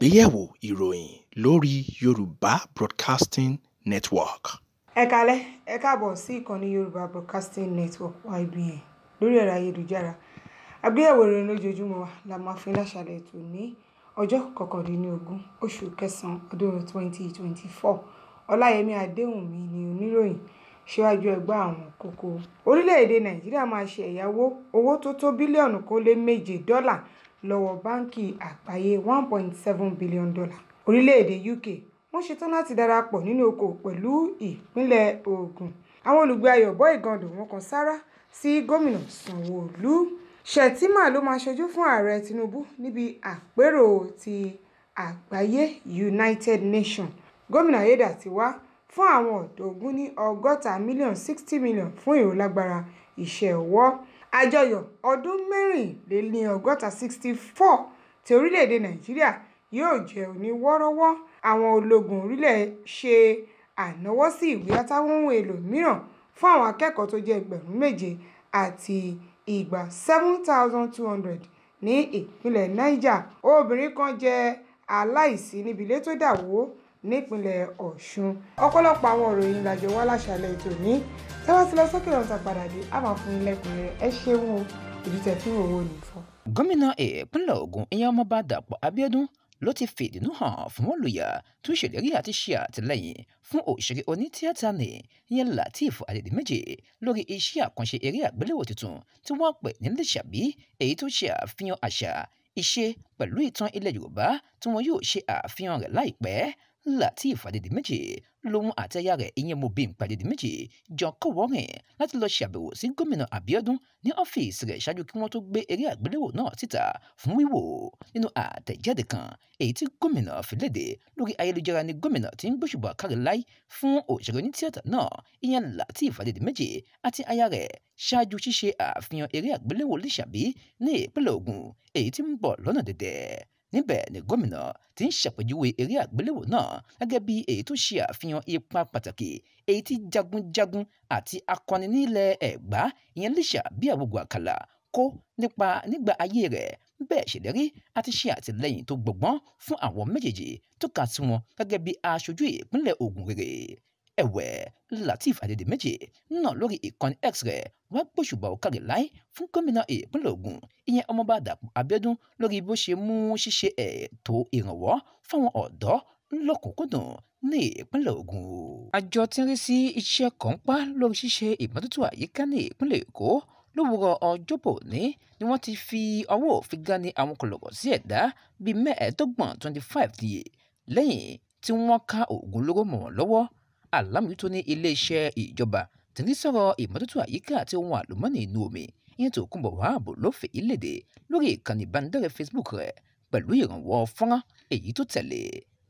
àgbéyẹ̀wò ìròyìn lórí Yorùbá Broadcasting Network. ẹ kalẹ́ ẹ káàbọ̀ sí ìkànnì Yorùbá Broadcasting Network YBN lórí ẹ̀rọ ayélujára àgbéyẹ̀wò ìròyìn lójoojúmọ́ wa la máa fi láṣàlẹ̀ tò ní ọjọ́ kọkàndínlógún oṣù kẹsàn ọdún twenty twenty four ọláyẹmí adéhùnmí ni oníròyìn síwájú ẹgbẹ́ àwọn kókó orílẹ̀-èdè nàìjíríà máa ṣe ẹ̀yáwó owó tó tó bílíọ̀nù kan lé méje dọ́là lọ́wọ́ báńkì àgbáyé one point seven billion dollar orílẹ̀-èdè UK wọ́n ṣetán láti darapọ̀ nínú oko pẹ̀lú ìpínlẹ̀ Ògùn àwọn olùgbé ayọ̀bọ ìgàndò wọn kan sára sí gómìnà Sanwó-Olú Shettima ló máa ṣojú fún ààrẹ Tinubu níbi àpérò ti àgbáyé United Nations gómìnà Ayédàtiwá fún àwọn ọ̀dọ́ ogún ní ọgọ́ta mílíọ̀n sixty million fún ìrólágbára iṣẹ́ ọwọ́ àjọyọ̀ ọdún mẹ́rìnléníọgọ́ta sixty four ti orílẹ̀-èdè nàìjíríà yóò jẹ́ oníwọ́rọ́wọ́ àwọn ológun orílẹ̀ ṣe ànáwó sí ìwé àtàwọn ohun èlò mìíràn fún àwọn akẹ́kọ̀ọ́ tó jẹ́ ẹgbẹ̀rún méje àti igba seven thousand two hundred ní ìpínlẹ̀ niger obìnrin kan jẹ́ aláìsí níbi ilé tó dà wó nípínlẹ̀ ọ̀ṣun ọ̀pọ̀lọpọ̀ àwọn ìròyìn làjọ wá láṣàlẹ̀ ètò ní tẹ́ bá ti lọ sókè ọ̀tà padà dé á máa fún ilé ẹ̀kúnrẹ́rẹ́ ẹ ṣeun o ojú tẹ fún òwò nìfọ. gómìnà ìpínlẹ̀ Ògùn ìyẹn ọmọọba Dàpọ̀ Abíọ́dún ló ti fìdínú hàn fún olùyà tó ṣèlérí àti ṣe àtìlẹ́yìn fún òṣèré onítíátà ní ìyẹn Lateef Adédìméjì lórí iṣẹ́ àkànṣe eré àgbéléwò tuntun tí wọ́n pè ní Lísàbí èyí tó ṣe àfihàn àṣà ìṣe pẹ̀lú ìtàn ilẹ̀ Yorùbá tí wọn yóò ṣe àfihàn rẹ̀ láìpẹ́ Lateef Adédìméjì lòun àti aya rẹ̀ ìyẹn Mobimpe Adedimeji jọ kọ̀wọ́ rìn láti lọ ṣàbẹ̀wò sí gómìnà Abiodun ní ọ́fíìsì rẹ̀ ṣáájú kí wọ́n tó gbé eré àgbéléwò náà síta fún wíwò nínú àtẹ̀jáde kan èyí tí gómìnà fi léde lórí ayélujára ni gómìnà ti ń gbóṣùbà kárí láì fún òṣèré ní tíátà náà ìyẹn Lateef Adedimeji àti aya rẹ̀ ṣáájú ṣíṣe àfihàn eré àgbéléwò Lísàbí ní ìpínlẹ̀ Ògùn èyí tí ń bọ̀ lọ́nà dẹ̀dẹ̀ níbẹ̀ ni gómìnà ti ń ṣàpèjúwe eré àgbéléwò náà gẹ́gẹ́ bí èyí tó ṣe àfihàn ipa pàtàkì èyí tí jagunjagun àti akọni nílẹ̀ ẹ̀gbá ìyẹn Lísà Bíàgbógun Àkàlà kó nípa nígbà ayé rẹ̀ bẹ́ẹ̀ ṣèlérí àti ṣe àtìlẹ́yìn tó gbọ̀gbọ́n fún àwọn méjèèjì tó kà sí wọn gẹ́gẹ́ bí aṣojú ìpínlẹ̀ Ògùn rere ẹ̀wẹ̀ latif Adédìméjì náà lórí ìkànnì X rẹ̀ wọ́n gbóṣùbà òkàrè láì fún gómìnà ìpínlẹ̀ Ògùn ìyẹn ọmọọba Dàpọ̀ Abíọ́dún lórí bó ṣe mú ṣíṣe ètò ìrànwọ́ fáwọn ọ̀dọ́ lọ́kùnkúndùn ní ìpínlẹ̀ Ògùn. àjọ tí ń rí sí iṣẹ́ kọ̀ǹpá lórí ṣíṣe ìmọ́tótó àyíká ní ìpínlẹ̀ Èkó lówùrọ̀ ọjọ́bọ̀ ní ni wọ́n ti fi ọwọ́ òfin gani àwọn kọlọ̀kọ̀ sí ẹ̀dá bíi mẹ́ẹ̀ẹ́dọ́gbọ̀n twenty five lẹ́yìn tí wọ́n ká oògùn olóró mọ̀ wọ́n lọ́wọ́ alámòjútó ní iléeṣẹ́ ìjọba tí ní sọ̀rọ̀ ìmọ́tótó àyíká àti ohun àlùmọ́nì inú omi ìyẹn tó kún bọ̀ wáàbò ló fè é lórí ìkànnì ìbánidọ́rẹ̀ẹ́ Facebook rẹ̀ pẹ̀lú ìrànwọ́ fọ́nrán èyí tó tẹ̀lé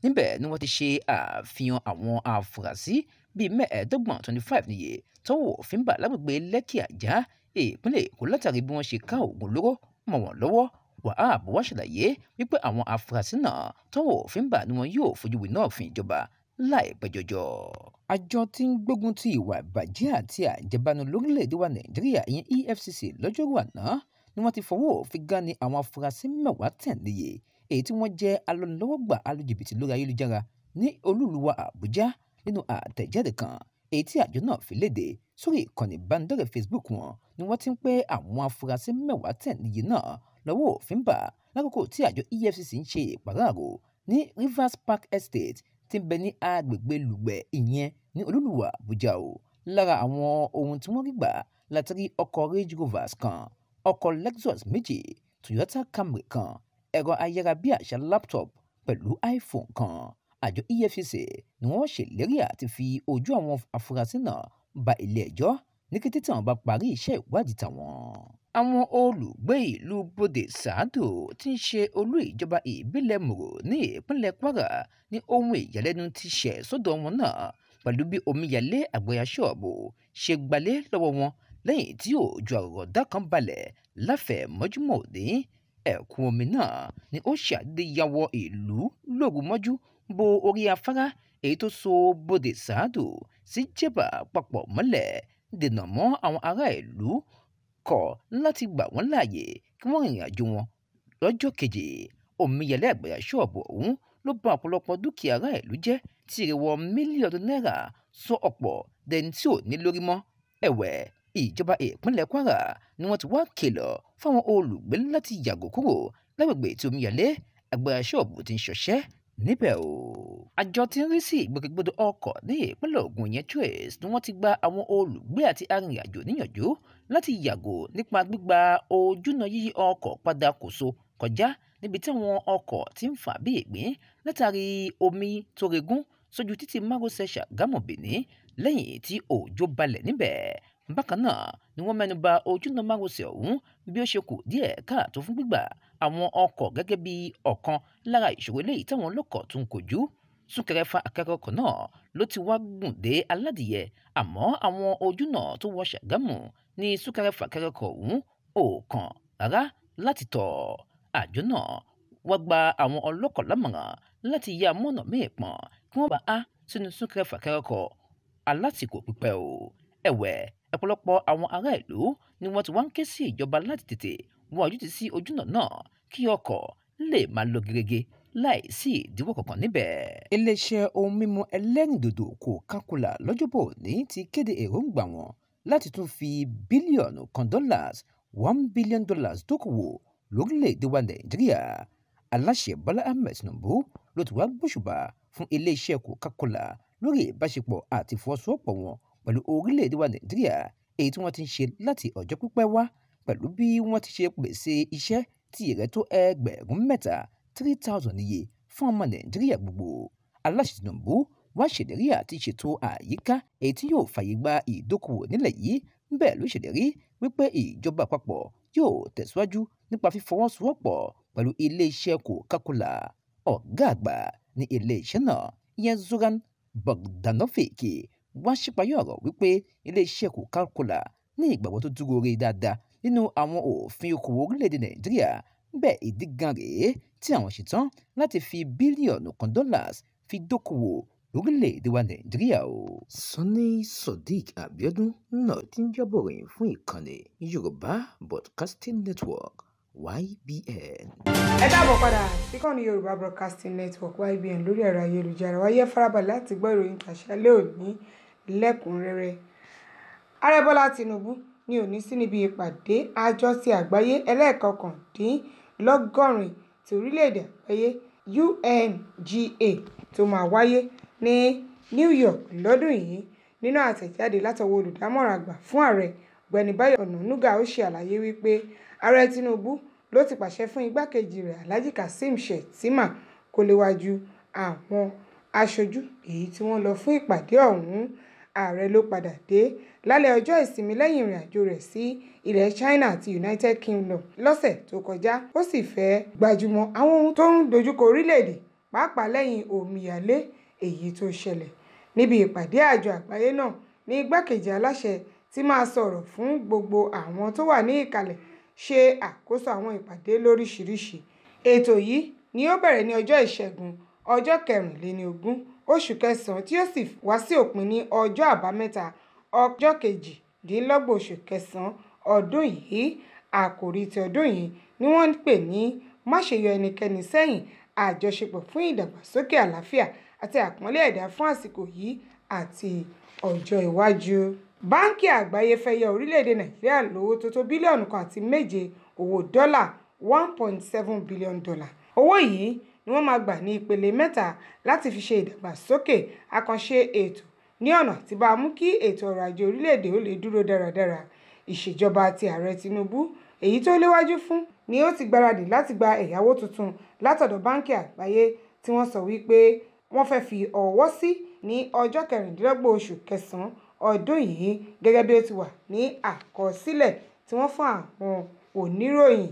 níbẹ̀ ni wọ́n ti ṣe àfihàn àwọn afurasí bíi mẹ́ẹ̀ẹ́dọ́gbọ̀n twenty five níye tọ́wọ́ òfin bà lágbègbè Lẹ́kì Àjá ìpínlẹ̀ Èkó látàrí bí wọ́n ṣe ká oògùn olóró mọ́ wọn lọ́wọ́ Wahab wá ṣàlàyé wípé àwọn afurasí náà tọ́wọ́ òfin bà ni wọn yóò fojú wí náà fún ìjọba láì pẹ̀jọjọ. àjọ tí ń gbógun ti ìwà ìbàjẹ́ àti àjẹbánu lórílẹ̀‐èdè wa nàìjíríà ìyẹn EFCC lọ́jọ́rú àná ni wọ́n ti fọwọ́ òfin gan ni àwọn afurasí mẹ́wàá tẹ̀léyè èyí tí wọ́n jẹ́ alọ́nilọ́wọ́gbà alójìbìtì lórí ayélujára ní olúluwa àbújá nínú àtẹ̀jáde kan èyí tí àjọ náà fi léde sórí ìkànnì ìbánidọ́rẹ̀ẹ́ Facebook wọn ni wọ́n ti ń pé àwọn afurasí mẹ́wàá tẹ̀léyè náà lọ́wọ́ òfin bà lákòókò tí àjọ EFCC ń ṣe ìpàráàrò ní Rivers Park Estate tí ń bẹ ní agbègbè lùgbẹ̀ ìyẹn ní olúluwà àbújá o lára àwọn ohun tí wọ́n rí gbà látàrí ọkọ̀ range rovers kan ọkọ̀ lexus méjì toyota camry kan ẹ̀rọ ayárabíàṣá laptop pẹ̀lú iphone kan àjọ efcc ni wọ́n ṣèlérí àti fi ojú àwọn afurasí náà ba ilé ẹjọ́ ní kété táwọn bá parí iṣẹ́ ìwádìí tàwọn. àwọn olùgbé ìlú bodè sàádò tí ń ṣe olú ìjọba ìbílẹ̀ mòrò ní ìpínlẹ̀ kwara ní ohun ìyàlẹ́nu ti ṣẹ̀ sọ́dọ̀ wọn náà pẹ̀lú bí omíyalé àgbẹ̀yà ṣọ́ọ̀bù ṣe gbalé lọ́wọ́ wọn lẹ́yìn tí òjò àròdá kan balẹ̀ láfẹ̀ẹ́ mọ́júmọ́ òní ẹ̀kún omi náà ni ó ṣàdéyàwọ ìlú lóru mọ́jú bo orí afárá èyí tó so bodè sàádò sí jẹ̀bà papọ̀ mọ́lẹ̀ dènà mọ́ àwọn ará ìlú kọ̀ láti gbà wọ́n láàyè kí wọ́n rìnrìn àjò wọn lọ́jọ́ kejì omíyẹlé àgbàyà ṣọ́ọ̀bù ọ̀hún ló bà ọ̀pọ̀lọpọ̀ dúkìá ará ìlú jẹ́ tí ìrẹ̀wọ̀ mílíọ̀nù náírà sọ ọ̀pọ̀ dẹni tí ò ní lórí mọ́ ẹ̀wẹ̀ ìjọba ìpínlẹ̀ Kwara ni wọ́n ti wá kìlọ̀ fáwọn olùgbé láti yàgò kúrò lágbègbè tí omíyẹlé àgbàyà ṣọ́ọ̀bù ti ń ṣọṣẹ́ níbẹ̀ o àjọ tí ń rí sí ìgbòkègbodò ọkọ̀ ní ìpínlẹ̀ Ògùn yẹn trace ni wọ́n ti gba àwọn olùgbé àti arìnrìnàjò níyànjú láti yàgò nípa gbígba ojúnà yíyí ọkọ̀ padà kòso kọjá níbi tí àwọn ọkọ̀ ti ń fà bí ìgbín látàrí omi tó regún sójú títí márosẹ̀ Ṣàgámù Benin lẹ́yìn tí òjò balẹ̀ níbẹ̀ bákan náà ni wọ́n mẹ́nuba ojúnà márosẹ̀ ọ̀hún bí ó ṣe kù díẹ̀ káàtó fún gbígbà àwọn ọkọ̀ gẹ́gẹ́ bí ọ̀kan lára ìṣòro eléyìí táwọn ọlọ́kọ̀ tún kojú súnkẹrẹ fa akẹrẹ ọkọ̀ náà ló ti wá gùn dé aládìyẹ àmọ́ àwọn ojúnà tó wọ ṣàgámù ní súnkẹrẹ fa akẹrẹ ọkọ̀ ọ̀hún ò kàn rárá láti tọ̀ àjọ náà wá gba àwọn ọlọ́kọ̀ lámọ̀ràn láti ya mọ́nà míì pọ̀n kí wọ́n bá a sínú súnkẹrẹ fa akẹrẹ ọkọ̀ alásìkò pípẹ́ o ẹ̀wẹ̀ ọ̀pọ̀lọpọ̀ àwọn ará ìlú ni wọ́n ti wá ń ké sí ìjọba láti tètè wọ́n ojútùú sí ojúnà náà kí ọkọ̀ lè máa lọ gerege láìsí ìdíwọ́ kankan níbẹ̀. iléeṣẹ́ ohun mímu ẹlẹ́rìndòdò Coca-Cola lọ́jọ́bọ̀ ní ti kéde èròǹgbà wọn láti tún fi bílíọ̀nù kan dọ́làs one billion dollars dókòwò lórílẹ̀‐èdè wa Nàìjíríà aláṣẹ Bọ́lá Ahmed Tinubu ló ti wá gbóṣùbà fún iléeṣẹ́ Coca-Cola lórí ìbáṣepọ̀ àti ìfọwọ́sowọ́pọ̀ wọn pẹ̀lú orílẹ̀‐èdè wa Nàìjíríà èyí tí wọ́n ti ń ṣe láti ọjọ́ pípẹ́ wá pẹ̀lú bí wọ́n ti ṣe pèsè iṣẹ́ tí ìrẹ́ tó ẹgbẹ̀rún mẹ́ta three thousand níye fún ọmọ nàìjíríà gbogbo aláṣẹ tinubu wá ṣèlérí àti ṣètò àyíká èyí tí yóò fàyè gba ìdókòwò nílẹ̀ yìí bẹ́ẹ̀ ló ṣèlérí wípé ìjọba àpapọ̀ yóò tẹ̀síwájú nípa fífọwọ́sowọ́pọ̀ pẹ̀lú iléeṣẹ́ coca-cola ọ̀gá àgbà ní iléeṣẹ́ náà ìyẹn zoran bogdanovic wá ṣípayọ ọ̀rọ̀ wípé iléeṣẹ́ coca-cola ní ìgbàgbọ́ tó dúró rí dáadáa nínú àwọn òfin okòwò orílẹ̀-èdè nàìjíríà bẹ́ẹ̀ ìdí rèé tí àwọn ṣetán láti fi bílíọ̀nù kan dọ́làs fi dókòwò lórílẹ̀‐èdè wa nàìjíríà o. Sunny Sodiq Abiodun náà ti ń jábọ̀ ròyìn fún ìkànnì Yorùbá Broadcasting Network YBN. ẹ dáàbò padà síkànnì Yorùbá Broadcasting Network YBN lórí ẹ̀rọ ayélujára wáyé farabalẹ̀ láti gbọ́ ìròyìn tàṣálẹ́ òní lẹ́kùnrẹ́rẹ́ ààrẹ bọ́lá tìǹbù ni òní sí níbi ìpàdé àjọ ti àgbáyé ẹlẹ́ẹ̀kọkàndínlọ́gọ́rin ti orílẹ̀-èdè àgbáyé UNGA tó máa wáyé ní New York lọ́dún yìí. Nínú àtẹ̀jáde látọwọ́ Olùdámọ̀ràn àgbà fún Ààrẹ Ọ̀gbẹ́ni Báyọ̀ Ọ̀nànúgà ó ṣe àlàyé wípé Ààrẹ Tinubu ló ti pàṣẹ fún igbákejì rẹ̀ Alhaji Kazeem Shettima kó léwájú àwọn aṣojú èyí tí wọ́n lọ fún ìpàdé ọ̀hún ààrẹ ló padà dé lálẹ́ ọjọ́ ìsinmi lẹ́yìn ìrìnàjò rẹ̀ sí ilẹ̀ China àti United Kingdom lọ́sẹ̀ tó kọjá ó sì fẹ́ gbajúmọ̀ àwọn ohun tó ń dojúkọ orílẹ̀-èdè pàápàá lẹ́yìn omíyalé èyí tó ṣẹlẹ̀ níbi ìpàdé àjọ àgbáyé náà ní igbákejì aláṣẹ tí máa sọ̀rọ̀ fún gbogbo àwọn tó wà ní ìkàlẹ̀ ṣe àkóso àwọn ìpàdé lóríṣiríṣi ètò yìí ni ó bẹ̀rẹ̀ ní ọjọ́ ìṣẹ́gun ọjọ́ kẹrìnléní oṣù kẹsàn-án tí ó sì wá sí òpin ní ọjọ́ àbámẹ́ta ọjọ́ kejìdínlọ́gbọ̀n oṣù kẹsàn-án ọdún yìí àkòrí ti ọdún yìí ni wọ́n ń pè ní má ṣe yọ ẹnikẹ́ni sẹ́yìn àjọṣepọ̀ fún ìdàgbàsókè àlàáfíà àti àpọ́nlé ẹ̀dá fún àsìkò yìí àti ọjọ́ iwájú. báńkì àgbáyé fẹ́ yọ orílẹ̀-èdè nàìjíríà lówó tó tó bílíọ̀nù kan àti méje owó dọ́là one point seven billion dollar owó yìí ni wọ́n máa gbà ní ìpele mẹ́ta láti fi ṣe ìdàgbàsókè àkànṣe ètò ní ọ̀nà tí bá mú kí ètò ọrọ̀ ajé orílẹ̀-èdè ó lè dúró dáradára ìṣèjọba ti ààrẹ Tinubu èyí tó léwájú fún ni ó ti gbáradì láti gba ẹ̀yáwó tuntun látọ̀dọ̀ báńkì àgbáyé tí wọ́n sọ wípé wọ́n fẹ́ fi ọwọ́ sí ní ọjọ́ kẹrìndínlọ́gbọ̀n oṣù kẹsàn-án ọdún yìí gẹ́gẹ́ bí ó ti wà ní àkọsílẹ̀ tí wọ́n fún àwọn oníròyìn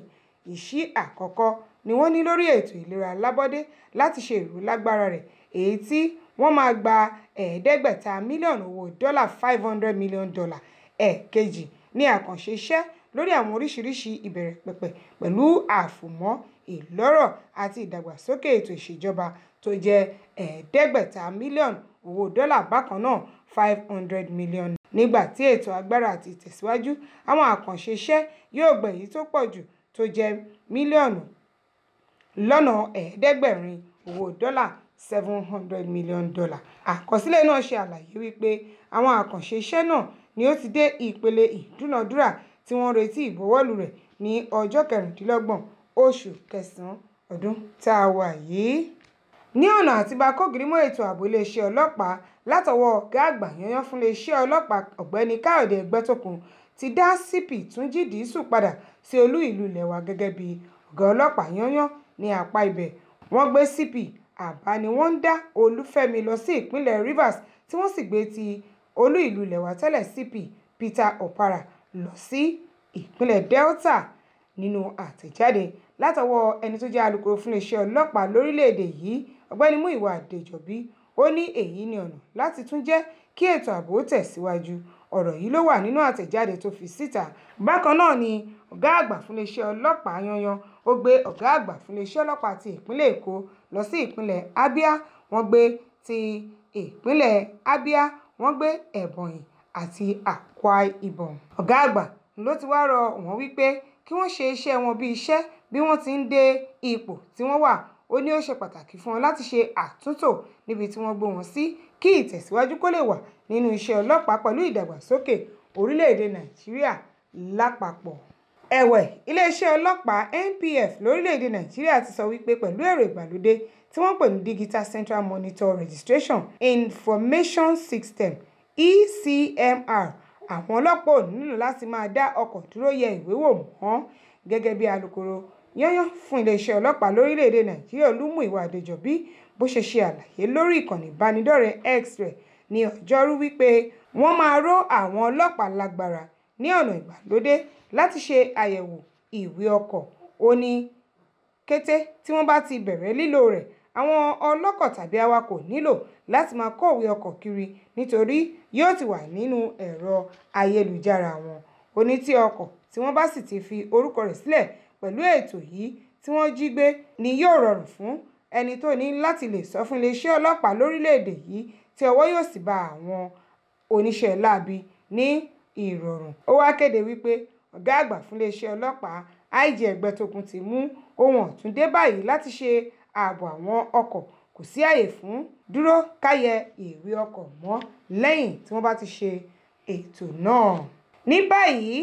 ìṣí àkọ́kọ́ ni wọ́n ní lórí ètò ìlera lábọ́dé láti ṣe ìrólágbára rẹ̀ èyí tí wọ́n máa gba ẹ̀ẹ́dẹ́gbẹ̀ta mílíọ̀nù owó dọ́là five hundred million dollar ẹ̀ẹ̀kejì ní àkànṣe iṣẹ́ lórí àwọn oríṣiríṣi ìbẹ̀rẹ̀ pẹ̀pẹ̀ pẹ̀lú àfòmọ́ ìlọ́rọ̀ àti ìdàgbàsókè ètò ìṣèjọba tó jẹ́ ẹ̀ẹ́dẹ́gbẹ̀ta mílíọ̀nù owó dọ́là bákan náà five hundred million. nígbà tí ètò agbára àti ìtẹ̀síwájú àwọn àkànṣe iṣẹ́ yóò gbẹ̀yìn tó pọ̀ jù tó jẹ́ mílíọ̀nù lọ́nà ẹ̀ẹ́dẹ́gbẹ̀rin owó dọ́là seven hundred million dollar àkọsílẹ̀ náà ṣe àlàyé wípé àwọn àkànṣe iṣẹ́ náà ni ó ti dé ìpele ìdúnàdúrà tí wọ́n retí ìbuwọ́lù rẹ̀ ní ọjọ́ kẹrìndínlọ́gbọ̀n oṣù kẹsàn-án ọdún tá a wà yìí ní ọ̀nà àtibá kógiri mọ́ ètò ààbò iléeṣẹ́ ọlọ́pàá látọwọ́ ọ̀gá àgbà yanyan fún iléeṣẹ́ ọlọ́pàá ọ̀gbẹ́ni káyọ̀dé ẹgbẹ́tòkun ti dá cp túnjí dìísù padà sí olú ìlú ilẹ̀ wa gẹ́gẹ́ bí ọ̀gá ọlọ́pàá yanyan ní apá ibẹ̀ wọ́n gbé cp àbá ni wọ́n ń dá olúfẹ́mi lọ sí ìpínlẹ̀ rivers tí wọ́n sì gbé ti olú ìlú lẹ̀wà tẹ́lẹ̀ cp peter opara lọ sí ìpínlẹ̀ delta nínú àtẹ̀jáde látọwọ́ ẹni tó jẹ́ alukoro fún iléeṣẹ́ ọlọ́pàá lórílẹ̀‐èdè yìí ọ̀gbẹ́ni muiwa adéjọ́bí ó ní èyí ni ọ̀nà láti tún jẹ́ kí ètò ààbò tẹ̀síwájú ọ̀rọ̀ yìí ló wà nínú àtẹ̀jáde tó fi síta bákan náà ni ọ̀gá àgbà fúnléeṣẹ́ ọlọ́pàá yanyan ó gbé ọ̀gá àgbà fúnléeṣẹ́ ọlọ́pàá ti ìpínlẹ̀ èkó lọ sí ìpínlẹ̀ abia wọ́n gbé ti ìpínlẹ̀ abia wọ́n gbé ẹ̀bọ̀nyì àti akwa ibom ọ̀gá àgbà ló ti wá rọ wọ́n wípé kí wọ́n ṣe iṣẹ́ wọn bí iṣẹ́ bí wọ́n ti ń dé ipò tí wọ́n wà ó ní ó ṣe pàtàkì fún wọn láti ṣe àtúntò níbi tí wọ́n gbé wọn sí kí ìtẹ̀síwájú kó lè wà nínú iṣẹ́ ọlọ́pàá pẹ̀lú ìdàgbàsókè orílẹ̀-èdè nàìjíríà lápapọ̀. ẹ̀wẹ̀ iléeṣẹ́ ọlọ́pàá NPF lórílẹ̀-èdè nàìjíríà ti sọ wípé pẹ̀lú ẹ̀rọ ìgbàlódé tí wọ́n pè ní digital central monitor registration information system ECMR àwọn ọlọ́pàá ò nílò láti máa dá ọkọ̀ dúró yẹ ìwé wò mọ́ gẹ́gẹ́ bí alukoro yányán fún iléeṣẹ́ ọlọ́pàá lórílẹ̀‐èdè nàìjíríà olúmúìwá àdéjọ́bí bó ṣe ṣe àlàyé lórí ìkànnì ìbánidọ́rẹ̀ẹ́ x rẹ̀ ní ọjọ́rú wípé wọ́n máa ró àwọn ọlọ́pàá lágbára ní ọ̀nà ìgbàlódé láti ṣe àyẹ̀wò ìwé ọkọ̀ ó ní kété tí wọ́n bá ti bẹ̀rẹ̀ lílò rẹ̀ àwọn ọlọ́kọ̀ tàbí awakọ̀ nílò láti máa kọ̀wé ọkọ̀ kiri nítorí yóò ti wà nínú ẹ̀rọ ayélujára wọn ó tí ọkọ̀ tí wọ́n bá sì ti fi orúkọ rẹ̀ sílẹ̀ pẹ̀lú ètò yìí tí wọ́n jí gbé ni yóò rọrùn fún ẹni tó ní láti lè sọ fún iléeṣẹ́ ọlọ́pàá lórílẹ̀‐èdè yìí tí ọwọ́ yóò sì bá àwọn oníṣẹ́ láabi ní ìrọ̀rùn ó wáá kéde wípé ọ̀gá àgbà fún iléeṣẹ́ ọlọ́pàá IG Ẹgbẹ́tókun ti mú ohun ọ̀tun dé báyìí láti ṣe ààbò àwọn ọkọ̀ kò sí àyè fún dúró káyẹ ìwé ọkọ̀ mọ́ lẹ́yìn tí wọ́n bá ti ṣe ètò náà. ní báyìí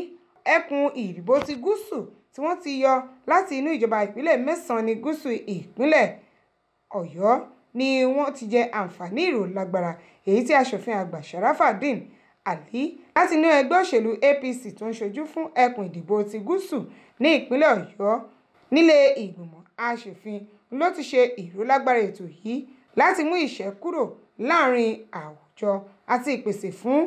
ẹkùn ìdìbò ti gúúsù tí wọ́n ti yọ láti inú ìjọba ìpínlẹ̀ mẹ́sàn-án ní gúúsù ìpínlẹ̀ ọ̀yọ́ ni wọ́n ti jẹ àǹfààní ìrólágbára èyí tí aṣòfin àgbà sharafadeen ali láti inú ẹgbẹ́ òṣèlú apc tó ń ṣojú fún ẹkùn ìdìbò ti gúúsù ní ìpínlẹ̀ ọ̀yọ́ nílé ìgbìmọ̀ aṣòfin ló ti ṣe ìrólágbára ètò yìí láti mú ìṣẹ́ kúrò láàrin àwùjọ àti ìpèsè fún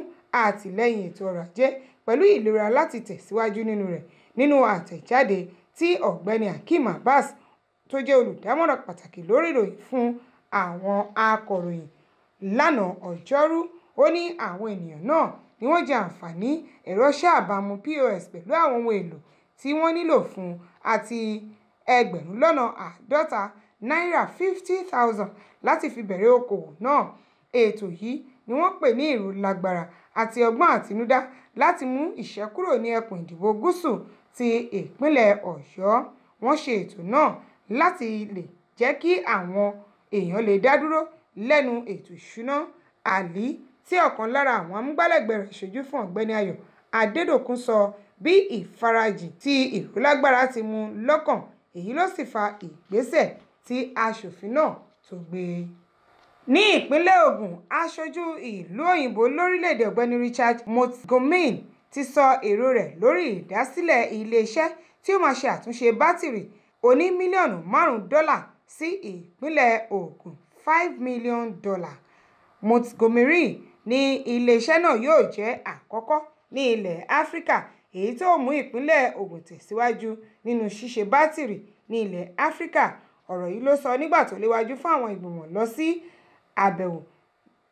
àtìlẹ́yìn ètò ọrọ̀ ajé pẹ̀lú ìlera láti tẹ̀síwájú nínú rẹ̀ nínú àtẹ̀jáde tí ọ̀gbẹ́ni Hakeem Abbas tó jẹ́ olùdámọ̀ràn pàtàkì lórí ìròyìn fún àwọn akọ̀ròyìn lánàá ọjọ́rú ó ní àwọn ènìyàn náà ni wọ́n jẹ àǹfààní ìránṣẹ́ àbámu POS pẹ̀lú àwọn ohun èlò tí wọ́n nílò fún àti ẹgbẹ̀rún lọ́nà àádọ́ta náírà fifty thousand láti fi bẹ̀rẹ̀ okòwò náà ètò yìí ni wọ́n pè ní ìrólágbára àti ọgbọ́n àtinúdá láti mú ìṣẹ́kúrò ní ẹkùn ìdìbò gúúsù ti ìpínlẹ̀ Ọ̀yọ́ wọ́n ṣe ètò náà láti lè jẹ́ kí àwọn èèyàn lè dá dúró lẹ́nu ètò ìṣúná àlí tí ọ̀kan lára àwọn amúgbálẹ́gbẹ̀ẹ́ rẹ̀ ṣojú fún ọ̀gbẹ́ni Ayọ̀ Adédòkun sọ bí ìfarajìn tí ìrólágbára ti mú lọ́kàn èyí ló sì fa ìgbésẹ̀ tí aṣòfin náà tó gbé. ní ìpínlẹ̀ Ògùn aṣojú ìlú òyìnbó lórílẹ̀‐èdè ọ̀gbẹ́ni Richard Montgomery ti sọ èrò rẹ̀ lórí ìdásílẹ̀ iléeṣẹ́ tí ó máa ṣe àtúnṣe bátìrì oní mílíọ̀nù márùn-ún sí ìpínlẹ̀ Ògùn five million dollar Montgomery ní iléeṣẹ́ náà yóò jẹ́ àkọ́kọ́ ní ilẹ̀ Áfíríkà èyí tó mú ìpínlẹ̀ Ògùn tẹ̀síwájú nínú ṣíṣe bátìrì ní ilẹ̀ Áfíríkà ọ̀rọ̀ yìí ló sọ nígbà tó léwájú fún àwọn ìgbìmọ̀ lọ sí àbẹ̀wò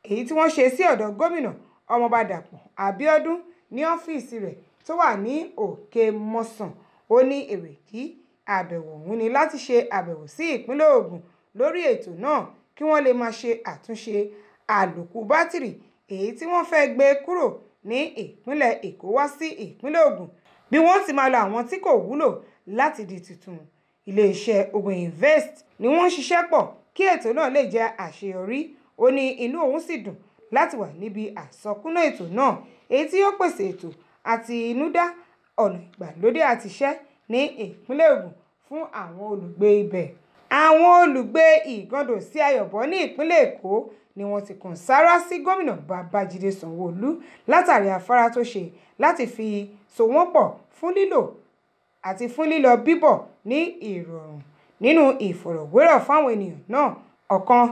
èyí tí wọ́n ṣe sí ọ̀dọ̀ gómìnà Ọmọọba Dàpọ̀ Abíọ́dún ní ọ́fíìsì rẹ̀ tó wà ní òkè mọ́sàn ó ní èrèdí àbẹ̀wò ọ̀hún ni láti ṣe àbẹ̀wò sí ìpínlẹ̀ Ògùn lórí ètò náà kí wọ́n lè máa ṣe àtúnṣe àlòkù bátìrì èyí tí wọ́n fẹ́ gbé kúrò ní ìpínlẹ̀ Èkó wá sí ìpínlẹ̀ Ògùn bí wọ́n ti máa lo àwọn tí kò wúlò láti di tuntun iléeṣẹ́ Ogun Invest ni wọ́n ń ṣiṣẹ́ pọ̀ kí ètò náà lè jẹ́ àṣeyọrí ó ní inú òun sì dùn láti wà níbi àsọkúnná ètò náà èyí tí yóò pèsè ètò àti inúdá ọ̀nà ìgbàlódé àti iṣẹ́ ní ìpínlẹ̀ Ògùn fún àwọn olùgbé ibẹ̀ àwọn olùgbé ìgàndò sí ayọ̀bọ ní ìpínlẹ̀ Èkó ni wọ́n ti kàn sáárá sí gómìnà Babájídé Sanwó-Olú látàrí afárá tó ṣe láti fi so wọ́n pọ̀ fún lílò àti fún lílọ bíbọ̀ ní ìrọ̀rùn nínú ìfọ̀rọ̀wérọ̀ fáwọn ènìyàn náà ọ̀kan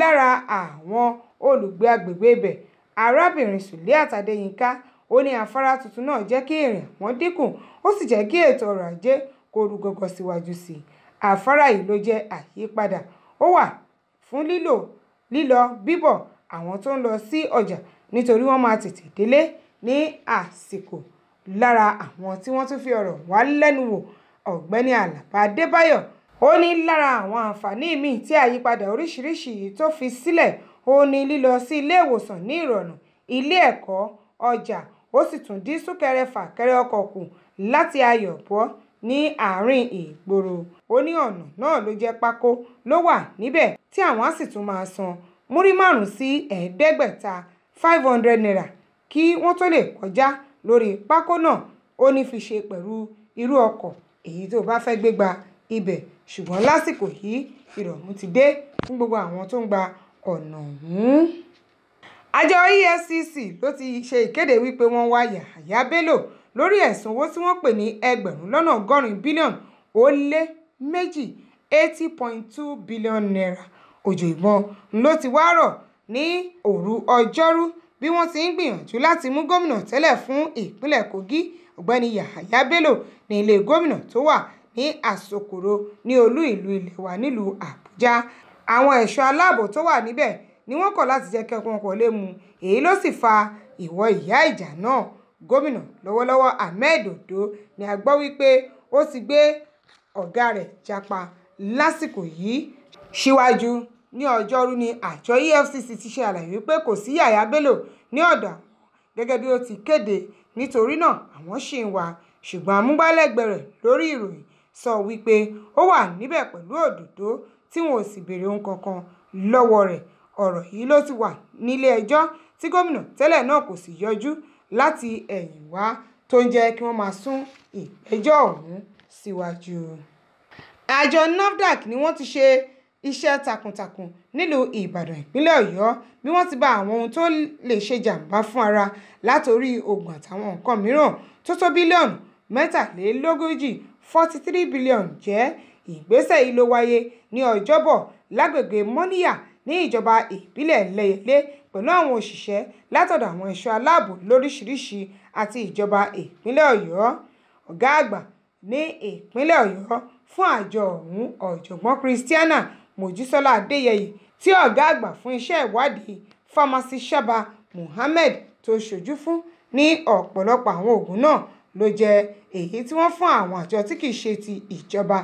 lára àwọn olùgbé agbègbè ibẹ̀ arábìnrin Sùlíàt Adéyínká ó ní afárá tuntun náà jẹ́ kí ìrìn àwọn dínkù ó sì jẹ́ kí ètò ọrọ̀ ajé kó rú gọ́gọ́ síwájú sí i afárá yìí ló jẹ́ àyípadà ó wà fún lílò lílọ bíbọ̀ àwọn tó ń lọ sí ọjà nítorí wọ́n máa tètè délé ní àsìkò lára àwọn tí wọ́n tún fi ọ̀rọ̀ wá lẹ́nu wò ọ̀gbẹ́ni Àlàbá Adébáyọ̀ ó ní lára àwọn àǹfààní míì tí àyípadà oríṣiríṣi tó fi sílẹ̀ ó ní lílọ sí ilé ìwòsàn ní ìrọ̀rùn ilé ẹ̀kọ́ ọjà ó sì tún dín súnkẹrẹ fàkẹrẹ ọkọ̀ kù láti Ayọ̀bọ́ ní àárín ìgboro ó ní ọ̀nà náà ló jẹ́ pákó ló wà níbẹ̀ tí àwọn á sì tún máa san múrí márùn sí ẹ̀ẹ́dẹ́gbẹ̀ta five hundred naira kí wọ́n tó lè kọjá lórí pákó náà ó ní fi ṣe pẹ̀lú irú ọkọ̀ èyí tó bá fẹ́ gbégbá ibẹ̀ ṣùgbọ́n lásìkò yìí ìrọ̀rùn ti dé fún gbogbo àwọn tó ń gba ọ̀nà ọ̀hún. àjọ efcc ló ti ṣe ìkéde wípé wọ́n wá Yahaya Bello lórí ẹ̀sùn owó tí wọ́n pè ní ẹgbẹ̀rún lọ́nà ọgọ́rin bílíọ̀nù ó lé méjì eighty point two billion naira òjò ìbọn ló ti wá rọ̀ ní òru ọjọ́rú bí wọ́n ti ń gbìyànjú láti mú gómìnà tẹ́lẹ̀ fún ìpínlẹ̀ Kogi ọ̀gbẹ́ni Yahaya Bello ní ilé gómìnà tó wà ní àsokoro ní olú ìlú ilé wa nílùú Àbújá àwọn ẹ̀ṣọ́ aláàbò tó wà níbẹ̀ ni wọ́n kọ̀ láti jẹ́ kẹ́kọ̀ọ́ kọ̀ lé mu èyí ló sì fa ìwọ ìyá ìjà náà gómìnà lọ́wọ́lọ́wọ́ ahmed odo ni a gbọ́ wípé ó ti gbé ọ̀gá rẹ̀ japa lásìkò yìí síwájú ní ọjọ́rú ni àjọ efcc ti ṣe àlàyé pé kò sí yàyà bello ní ọ̀dọ̀ gẹ́gẹ́ bí ó ti kéde nítorí náà àwọn ṣì ń wá ṣùgbọ́n amúgbálẹ́gbẹ̀ẹ́ rẹ̀ lórí ìròyìn sọ wípé ó wà níbẹ̀ pẹ̀lú òdòdó tí wọn ò sì béèrè ohun kankan lọ́wọ́ rẹ̀ ọ̀rọ̀ yìí ló ti wà nílé ẹjọ́ tí gómìnà tẹ́lẹ̀ náà kò sì yọjú láti ẹ̀yìn wá tó ń jẹ́ kí wọ́n máa sún ìgbẹ́jọ́ ọ̀hún síwájú. àjọ NAFDAC ni wọ́n ti ṣe iṣẹ́ takuntakun nílùú Ìbàdàn ìpínlẹ̀ Ọ̀yọ́ bí wọ́n ti bá àwọn ohun tó lè ṣe jàǹbá fún ara látòrí oògùn àtàwọn nǹkan mìíràn tó tó bílíọ̀nù mẹ́tàlélógójì forty three billion jẹ́ ìgbésẹ̀ yìí ló wáyé ní ọjọ́bọ̀ lágbègbè mọ́níyà ní ìjọba ìbílẹ̀ lẹ́yẹlé pẹ̀lú àwọn òṣìṣẹ́ látọ̀dọ̀ àwọn ẹ̀ṣọ́ aláàbò lóríṣiríṣi àti ìjọba ìpínlẹ̀ ọ̀yọ́ ọ̀gá àgbà ní ìpínlẹ̀ ọ̀yọ́ fún àjọ ọ̀hún ọ̀jọ̀gbọ́n christiana mojisola adéyẹyẹ tí ọ̀gá àgbà fún iṣẹ́ ìwádìí pharmacy shaba muhammed tó ṣojú fún ní ọ̀pọ̀lọpọ̀ àwọn oògùn náà ló jẹ́ èyí tí wọ́n fún àwọn àjọ tí kìí ṣe ti ìjọba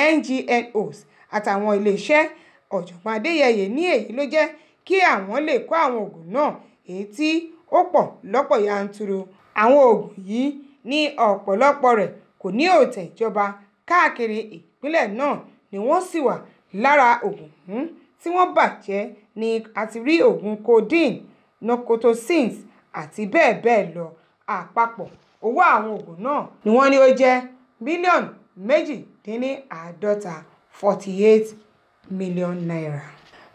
NGNOs àtàwọn iléeṣẹ́ ọ̀jọ̀gbọ́n Adéyẹyẹ ní èyí ló jẹ́ kí àwọn lè kó àwọn oògùn náà èyí tí ó pọ̀ lọ́pọ̀ yanturu àwọn oògùn yìí ní ọ̀pọ̀lọpọ̀ rẹ̀ kò ní òǹtẹ̀ ìjọba káàkiri ìpínlẹ̀ náà ni wọ́n sì wà lára oògùn ọ̀hún tí wọ́n bàjẹ́ ni a ti rí oògùn codeine norcotoxins àti bẹ́ẹ̀ bẹ́ẹ̀ lọ àpapọ̀ owó àwọn oògùn náà ni wọ́n ní ó jẹ́ bílíọ̀nù méjìdínláàádọ́ta forty eight million naira.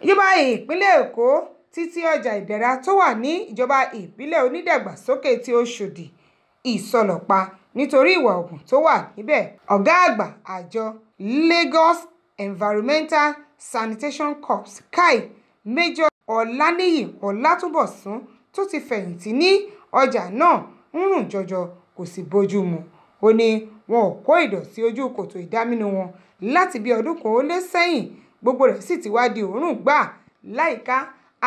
ìjọba ìpínlẹ̀ èkó títí ọjà ìdẹ̀ra tó wà ní ìjọba ìbílẹ̀ onídàgbàsókè tí Ọ̀ṣọ́dì ìsọlọ̀pa nítorí ìwà ọ̀gùn tó wà níbẹ̀ ọ̀gá àgbà àjọ Lagos Environmental Sanitation Corps kai Major Ọláníyì Ọlátúnbọ̀sún tó ti fẹ̀yìntì ní ọjà náà ń rùn jọjọ kò sì bójú mu ó ní wọn ò kó ìdọ̀tí ojú kòtò ìdáminú wọn láti bí ọdún kan ó lé sẹ́yìn gbogbo rẹ̀ sì ti wá di òórùn gbà láìka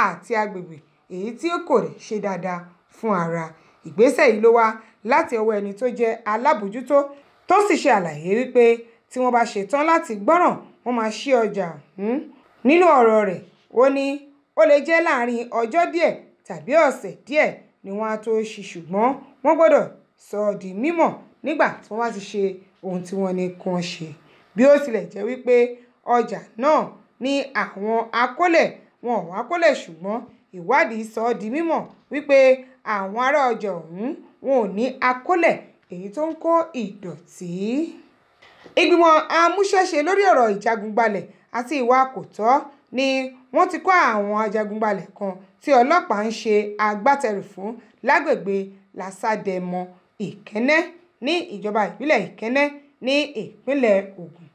àti agbègbè èyí tí kò rẹ̀ ṣe dáadáa fún ara ìgbésẹ̀ yìí ló wá láti ọwọ́ ẹni tó jẹ́ alábòjútó tó sì ṣe àlàyé wípé tí wọ́n bá ṣetán láti gbọ́ràn wọ́n máa ṣí ọjà ọ̀hún hmm? nínú ọ̀rọ̀ rẹ̀ ó ní ó lè jẹ́ láàrin ọjọ́ díẹ̀ tàbí ọ̀sẹ̀ díẹ̀ ni wọ́n á tó ṣí ṣùgbọ́n wọ́n gbọ́dọ̀ sọ ọ́ di mímọ̀ nígbà tí wọ́n bá ti ṣe ohun tí wọ́n ní kí wọ́n ṣe bí ó tilẹ̀ jẹ́ wípé ọjà náà ní àwọn akólẹ̀ wọn ò wá kólẹ̀ ṣùgbọ́n ìwádìí sọ ọ́ di mímọ̀ wípé àwọn ará ọjà ọ̀hún wọn ò ní akólẹ̀ èyí tó ń kó ìdọ̀tí. ìgbìmọ̀ amúṣẹ́ṣe lórí ọ̀rọ̀ ìjagunbalẹ̀ àti ìwà kò tọ́ ni wọ́n ti kọ́ àwọn ajagunbalẹ̀ kan tí ọlọ́pàá ń ṣe agbátẹrù fún lágbègbè làṣàdẹ̀mọ ìkẹ́nẹ́ ní ìjọba ìbílẹ̀ ìkẹ́nẹ́ ní ìpínlẹ̀ Ògùn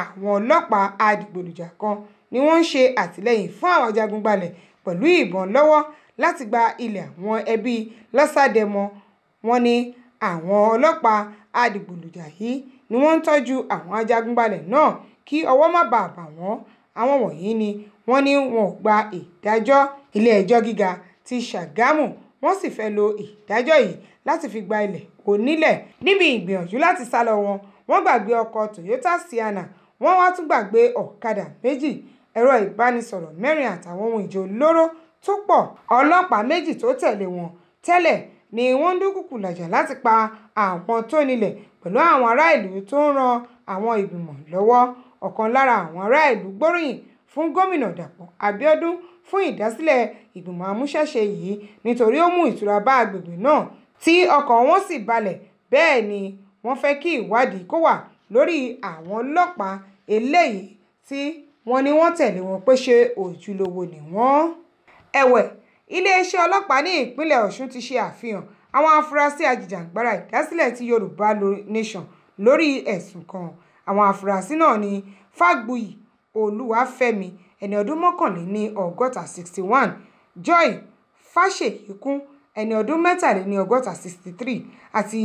àwọn ọlọ́pàá adigunjalè kan ni wọ́n ń ṣe àtìlẹ́yìn fún àwọn ajagunbalẹ̀ pẹ̀lú ìbọn lọ́wọ́ láti gba ilẹ̀ àwọn ẹbí lọ́sàdẹ̀mọ wọ́n ní àwọn ọlọ́pàá adigunjalè yìí ni wọ́n ń tọ́jú àwọn ajagunbalẹ̀ náà kí ọwọ́ má bàa bà wọ́n àwọn wọ̀nyí ni wọ́n ní wọn ò gba ìdájọ́ ilé-ẹjọ́ gíga ti Ṣàgámù wọ́n sì fẹ́ lo ìdájọ́ yìí láti fi gba ilẹ̀ onílẹ̀ níbi ìgbìyànjú láti sálọ wọn wọ́n gbàgbé ọkọ̀ Toyota Sienna wọ́n wá tún gbàgbé ọ̀kadà méjì ẹ̀rọ ìbánisọ̀rọ̀ mẹ́rin àtàwọn ohun ìjò olóró tó pọ̀ ọlọ́pàá méjì tó tẹ̀lé wọn tẹ́lẹ̀ ni wọ́n ń dúnkùkù làjà láti pa àwọn tó nílẹ̀ pẹ̀lú àwọn ará ìlú tó ń ran àwọn ìgbìmọ̀ lọ́wọ́ ọ̀kan lára àwọn ará ìlú gbóríyìn fún gómìnà Dàpọ̀ Abíọ́dún fún ìdásílẹ̀ ìgbìmọ̀ amúṣẹ́ṣe yìí nítorí ó mú ìtura bá agbègbè náà tí ọkàn wọn sì balẹ̀ bẹ́ẹ̀ ni wọ́n fẹ́ kí ìwádìí kó wà lórí àwọn ọlọ́pàá eléyìí tí wọ́n ní wọ́n tẹ̀lé wọn pé ṣe òjúlówó ni wọ́n. ẹ̀wẹ̀ iléeṣẹ́ ọlọ́pàá ní ìpínlẹ̀ ọ̀ṣun ti ṣe àfihàn àwọn afurasí ajìjàǹgbara ìdásílẹ̀ ti yorùbá nation lórí ẹ̀sùn kan àwọn afurasí náà ní fàgbùyì olúwàfẹ̀mí ẹni ọdún mọ́kànléní ọgọ́ta sixty one joy fàṣeyíkún ẹni ọdún mẹ́tàléní ọgọ́ta sixty three àti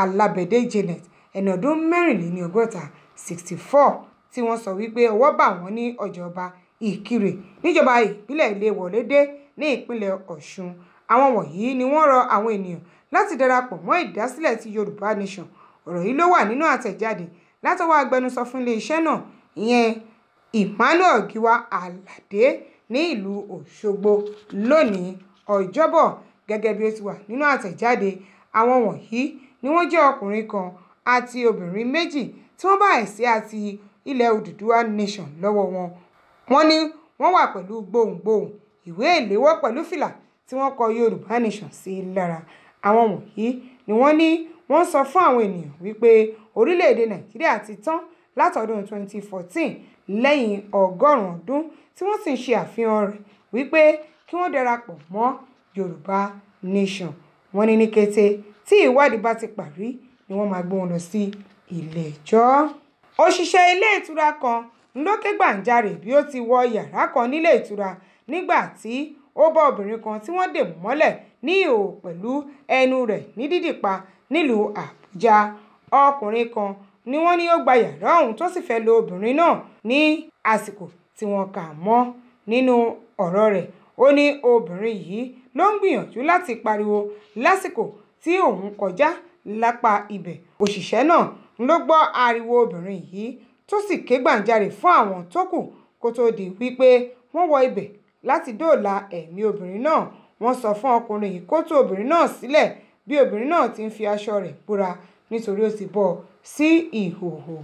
alábẹ̀dé janet ẹni ọdún mẹ́rìnléní ọgọ́ta sixty four tí wọ́n sọ wípé ọwọ́ bà wọ́n ní ọjọ́ba ìkirè níjọba ìbílẹ̀ ìléwọlédé ní ìpínlẹ̀ ọ̀ṣun àwọn wọ̀nyí ni wọ́n rọ àwọn ènìyàn láti darapọ̀ mọ́ ìdásílẹ̀ ti yorùbá nation ọ̀rọ̀ yìí ló wà nínú àtẹ̀jáde látọwọ́ agbẹnusọ fún iléeṣẹ́ náà ìyẹn ìpáná ọ̀gíwá aládé ní ìlú Òṣogbo lónìí ọjọ́bọ̀ gẹ́gẹ́ bí ó ti wà nínú àtẹ̀jáde àwọn wọ̀nyí ni wọ́n jẹ́ ọkùnrin kan àti obìnrin méjì tí wọ́n bá àsíá ti ilẹ̀ Odùduwà nation lọ́wọ́ wọn wọ́n ní wọ́n wà pẹ̀lú gbohùngbohùn ìwé ìléwọ́ pẹ̀lú fìlà tí wọ́n kọ Yorùbá nation sí lára àwọn wọ̀nyí ni wọ́n ní wọ́n sọ fún àwọn ènìyàn wípé orílẹ̀-èdè Nàìjíríà ti tán látọdún 2014 lẹ́yìn ọgọ́rùn-ún ọdún tí wọ́n sì ń ṣe àfihàn rẹ̀ wípé kí wọ́n darapọ̀ mọ́ Yorùbá Nation wọ́n ní ní kété tí ìwádìí bá ti parí ni wọ́n máa gbé wọn lọ sí ilé ẹjọ́ òṣìṣẹ́ ilé ìtura kan ló ké gbàǹjarè bí ó ti wọ yàrá kan nílé ìtura nígbà tí ó bá obìnrin kan tí wọ́n dè mọ́lẹ̀ ní ìhòòhò pẹ̀lú ẹnu rẹ̀ ní dídìpa nílùú Àbújá ọkùnrin kan ni wọ́n ní ó gba yàrá ọ̀hún tó sì fẹ́ lo obìnrin náà ní àsìkò tí wọ́n kà mọ́ nínú ọ̀rọ̀ rẹ̀ ó ní obìnrin yìí ló ń gbìyànjú láti pariwo lásìkò tí òun kọjá lápá ibẹ̀ òṣìṣẹ́ náà ló gbọ́ ariwo obìnrin yìí tó sì ké gbàǹjarè fún àwọn tó kù kó tó di wípé wọ́n wọ ibẹ̀ láti dóòlà ẹ̀mí obìnrin náà wọ́n sọ fún ọkùnrin yìí kó tú obìnrin náà sílẹ̀ bí obìnrin náà ti ń fi aṣọ rẹ̀ búra nítorí ó ti bọ́ sí ìhòòhò.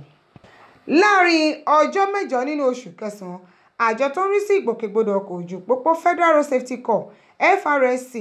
láàrin ọjọ́ mẹ́jọ nínú oṣù kẹsàn-án àjọ tó ń rí sí ìgbòkègbodò ọkọ̀ ojú pópó Federal Road Safety Corps FRSC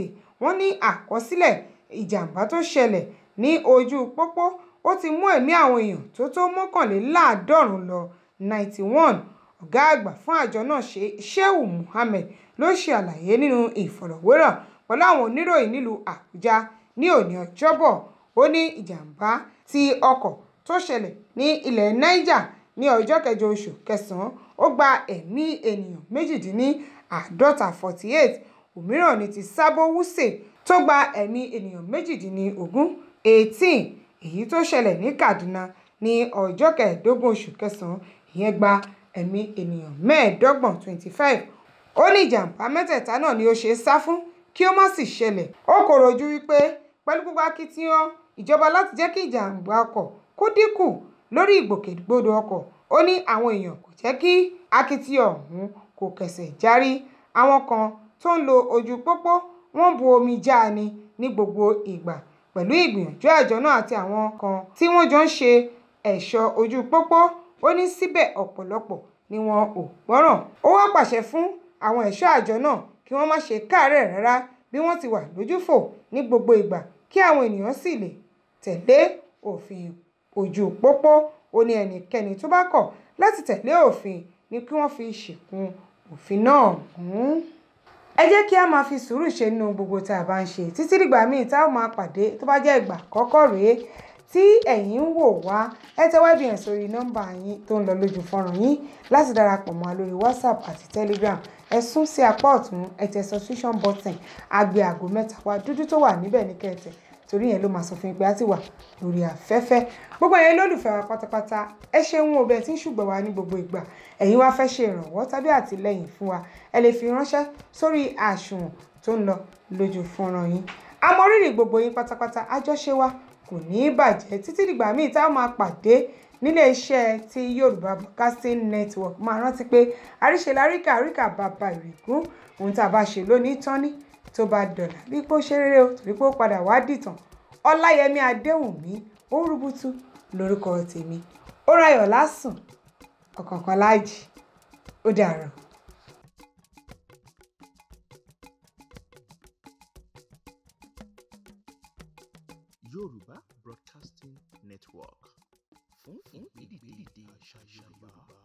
wọ́n ní àkọsílẹ̀ ìjàmbá tó ṣẹlẹ̀ ní ojú pópó ó ti mú ẹ̀mí àwọn èèyàn tó tó mọ́kànléláàádọ́rùn-ún lọ ninety one ọ̀gá àgbà fún àjọ náà Shehu Muhammed ló ṣe àlàyé nínú ìfọ̀rọ̀wérọ̀ pẹ̀lú àwọn oníròyìn nílùú Àbújá ní òní ọjọ́bọ̀ ó ní ìjàmbá ti ọkọ̀ tó ṣẹlẹ̀ ní ilẹ̀ Niger ní ọjọ́ kẹjọ oṣù kẹsàn-án ó gba ẹ̀mí ènìyàn méjìdínláàádọ́ta forty eight òmíràn ní ti Sabo Wuse tó gba ẹ̀mí ènìyàn méjìdínlógún eighteen èyí tó ṣẹlẹ̀ ní Kaduna ní ọjọ́ kẹẹ̀ẹ́dógún oṣù kẹsàn-án ìyẹn gba ẹ̀mí ènìyàn mẹ́ẹ̀ẹ́dọ́gbọ̀n twenty five ó ní ìjàmbá mẹ́tẹ̀ẹ̀ta náà ni ó ṣe é sá fún kí ó má sì ṣẹlẹ̀ ó kò rojú wípé pẹ̀lú gbogbo akitiyan ìjọba láti jẹ́ kí ìjàǹgbá ọkọ̀ kó dínkù lórí ìgbòkègbodò ọkọ̀ ó ní àwọn èèyàn kò jẹ́ kí akitiyan ọ̀hún kó kẹsẹ̀ járí àwọn kan tó ń lo ojú pópó wọ́n bu omi já ni ní gbogbo ìgbà pẹ̀lú ìgbìyànjú àjọ náà àti àwọn kan tí wọ́n jọ ń ṣe ẹ̀ṣọ́ ojú pópó ó ní síbẹ̀ ọ̀pọ̀lọpọ̀ ni wọn ò gbọ́ràn ó wá pàṣẹ fún àwọn ẹ̀ṣọ́ àjọ náà kí wọ́n má ṣe káàárẹ̀ rárá bí wọ́n ti wà lójúfò ní gbogbo ìgbà kí àwọn ènìyàn sì lè tẹ̀lé òfin ojú pópó ó ní ẹnikẹ́ni tó bá kọ̀ láti tẹ̀lé òfin ni kí wọ́n fi ṣìkún òfin náà gún. ẹ jẹ́ kí a máa fi sùúrù ṣe nínú gbogbo tá a bá ń ṣe títí dìgbà míì tá a máa pàdé tó bá jẹ́ ìgbà àkọ́kọ́ rèé tí ẹ̀yin ń wò wá ẹ tẹ YBN sórí nọ́mbà yín tó ń lọ lójú fọ́nrán yín láti darapọ̀ mọ́ lórí WhatsApp àti Telegram ẹ sún sí apá ọ̀tún ẹ tẹ subscription button àgbẹ̀ àgọ́ mẹ́ta wá dúdú tó wà níbẹ̀ ní kẹ́tẹ̀ẹ́ torí yẹn ló máa sọ fún yín pé a ti wà lórí afẹ́fẹ́ gbogbo ẹ̀yin lólùfẹ́ wa pátápátá ẹ ṣeun o bẹ́ẹ̀ tí ń ṣùgbọ́n wa ní gbogbo ìgbà ẹ̀yin wá fẹ́ ṣe ìrànwọ́ tàbí àtìlẹ́yìn fún wa ẹ lè fi ránṣẹ́ sórí àṣùwọ̀n tó ń lọ lójú fúnran yín amọrírì gbogbo yín pátápátá àjọṣe wa kò ní í bàjẹ́ títí dìgbà míì tá a máa pàdé nílé iṣẹ́ ti Yorùbá Broadcasting Network máa rántí pé àríṣe láríkà àríkà bàbá ìrìgún ohun tá a bá ṣe lónìí tán ni. Tani tó bá dọ̀là bí pé ó ṣe rere o torí pé ó padà wá dìtàn ọláyẹmí adéwùnmí orúbùtù lórúkọ tèmi ó rayọ̀ lásùn ọ̀kọ̀ọ̀kan láàjì ó dàárọ̀. Yorùbá Broadcasting Network fún ìgbéléde àṣà Yorùbá.